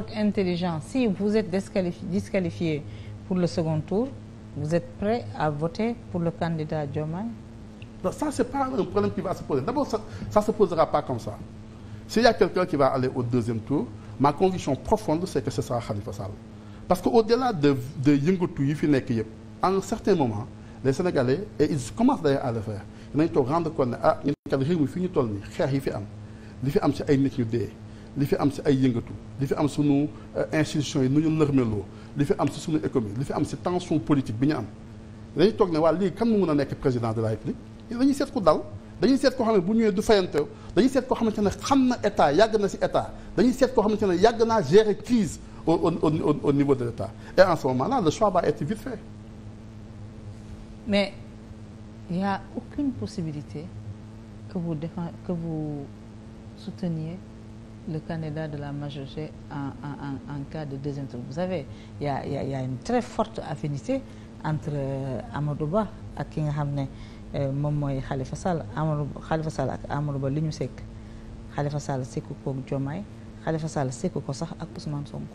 vote intelligent si vous êtes disqualifié, pour le second tour vous êtes prêt à voter pour le candidat Diomaye non ça c'est pas un problème qui va se poser d'abord ça, se posera pas comme ça s'il y a quelqu'un qui va aller au deuxième tour ma conviction profonde c'est que ce sera Khalifa Sall parce que au-delà de de yëngatu yi fi nekk yëpp à un certain moment les Sénégalais et ils commencent d'ailleurs à le faire nañ toog rendre compte ne ah ñu kat réew mi yi fi am li fi am si ay nit ñu dee li fi am si ay yëngatu li fi am sunu euh, institutions yi nu ñu lërmeloo li fi am si sunu économie li fi am si tension politique bi ñu am dañuy toog ne waa lii kan mu mun a nekk président de la république dañuy seet ku dal dañuy seet koo xam ne bu ñëwee du fayantew dañuy seet ko xamante ne xam na état yàgg na si état dañuy seet koo xamante ne yàgg naa gérer crise au au au niveau de l'état et en ce moment là le choix va être vite fait. mais il y a aucune possibilité le candidat de la majorité en en en, en cas de deuxième tour vous savez il y a il une très forte affinité entre euh, Amadou Ba ak ki nga xam ne euh, moom mooy Khalifa Sall Amadou Khalifa Sall ak Amadou Ba li ñu sekk Khalifa Sall sekk koog Diomaye Khalifa Sall sekk ko sax ak Ousmane Sonko.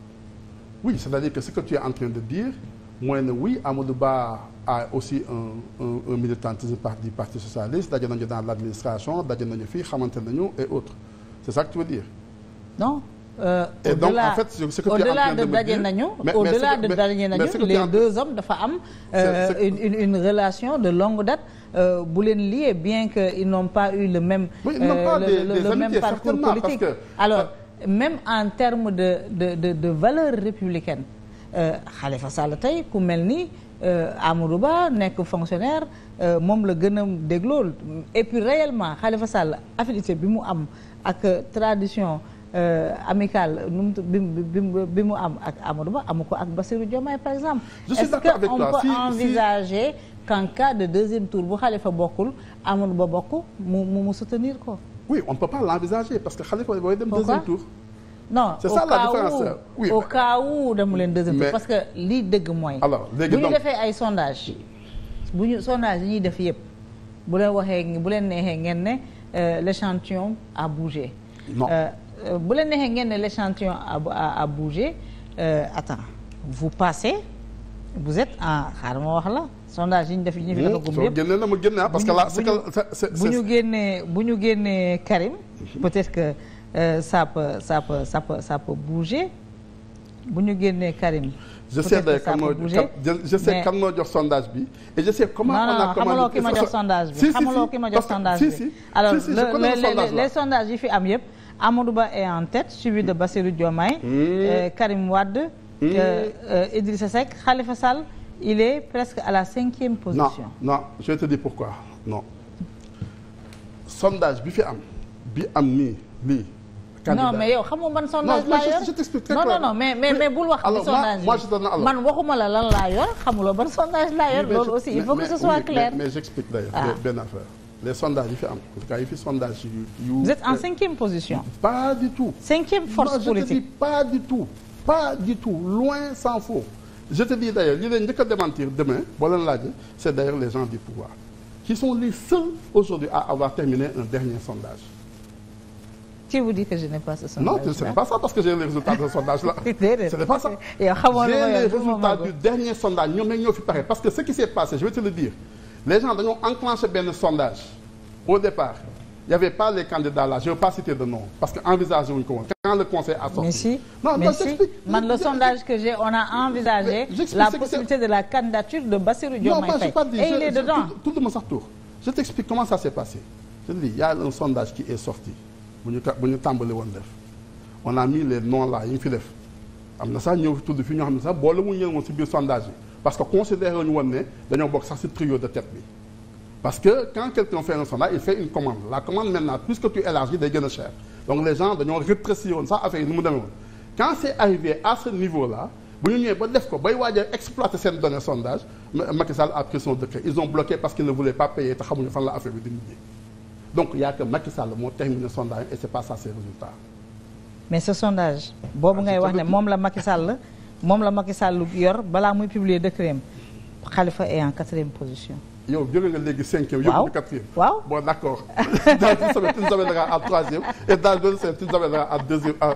oui c'est-à-dire que ce que tu es en train de dire mooy ne oui Amadou Ba a aussi un un un militantisme du parti socialiste daje nañu dans l'administration daje nañu fii xamante nañu et autres c'est ça que tu veux dire. non. Euh, donc en fait ce que au-delà de daje nañu au-delà de daje nañu les deux hommes dafa am euh, une une relation de longue date euh, bu leen lie bien que ils n'ont pas eu le même oui, euh, pas le, des, politique alors euh, même en termes de de de de valeur républicaine Khalifa Sall tey ku mel ni Amadou Ba nekk fonctionnaire moom la gën a déglool et puis réellement Khalifa Sall affinité bi mu am ak tradition Euh, amical nu mu bi bi mu am ak Amadou Ba amu ko ak Bassirou Diomaye par exemple. je suis d'accord avec toi on peut envisager qu'en de deuxième tour bu Khalifa bokkul Amadou Ba bokk mu mu mu soutenir ko. oui on ne peut pas l'envisager parce que Khalifa booy dem deuxième tour. non c'est ça la différence oui au leen deuxième parce que lii dëgg mooy. ay sondage bu ñu sondage yi ñuy def yëpp bu leen waxee bu leen neexee ngeen ne euh, l'échantillon a bougé. non. Euh, Euh, bu la neexee ngeen ne l'échantillon a a bougé euh, attends vous passez vous êtes en xaaral ma wax la sondage yi ñu def yi ñu fi hmm, defagum yëpp génne na ma génne ah parce que là c'est bu ñu génnee bu ñu génnee Karim mhm. peut-être que euh, ça peut ça peut ça peut ça peut bouger bu ñu génnee Karim. je sais de kan moo je sais kan moo jox sondage bi. et je sais comment non, non, on a commandé xamaloo ki ma jox sondage bi. si si si xamaloo ki ma jox sondage bi. alors les sondages yi fi am yëpp. Amadou Ba est en tête suivi de Bassirou Diomaye hmm. euh, Karim Wade hmm. euh, euh, Idrissa Khalifa Sall il est presque à la cinquième position non non je bi fi am bi am nii lii candidat non mais yow xamoo man sondage laa yor non non mais mais mais bul wax. man waxuma la lan laa yor xamuloo ban sondage la yor. loolu aussi il faut que ce soit clair mais j'explique d'ailleurs ah. benn affaire. les sondages yi fi am en tout cas yi fi sondage yu. vous êtes en euh, cinquième position. pas du tout. cinquième force politique non je te pas du tout. pas du je te dis d'ailleurs li leen njëkk a démentir demain boo leen laajee c'est d'ailleurs les gens du pouvoir qui sont les seuls aujourd'hui à avoir terminé un dernier sondage. qui vous dit que je n'ai pas ce pas que j'ai les résultats de ce sondage là. ce pas ça. j'ai les résultats du dernier sondage ñoom ñoo fi pare parce que ce les gens dañoo enclenché benn sondage au départ il y avait pas les candidats là je veux pas citer de nom parce que envisagé wuñu le conseil a sorti. mais si non mais si man le sondage que j'ai on a envisagé. la possibilité de la candidature de Bassirou Diomaye Faye. et il est dedans tudd ma sax tur je t'explique comment ça s'est passé je te y a un sondage qui est sorti bu ñu bu ñu on a mis les noms là yi fi def am na sax ñëw tudd fi ñoo xam ne sax boole mu ñëwoon si biir sondage parce que considéré ñu woon ne dañoo bokk sax ci trio de tête bi parce que quand quelqu'un fait un sondage il fait une commande la commande maintenant plus que tu élargis day gën a cher donc les dañoo rétréci woon sax affaire yi ni mu demee woon quand c'est arrivé à ce niveau là bu ñu ñëwee ba def ko bay waaj a exploiter seen données sondage Macky a pris son décret ils ont bloqué parce qu'ils ne voulaient pas payer te xamuñu fan la affaire bi di mujjee donc y a que Macky Sall moo terminé moom la Macky Sall yor balaa muy publier de am Khalifa est en quatrième position. yow jóge nga léegi cinquième. waaw yóbbu quatrième. waaw bon d' accord dans une semaine tu nous amèneras en troisième et dans deux semaines tu nous amèneras en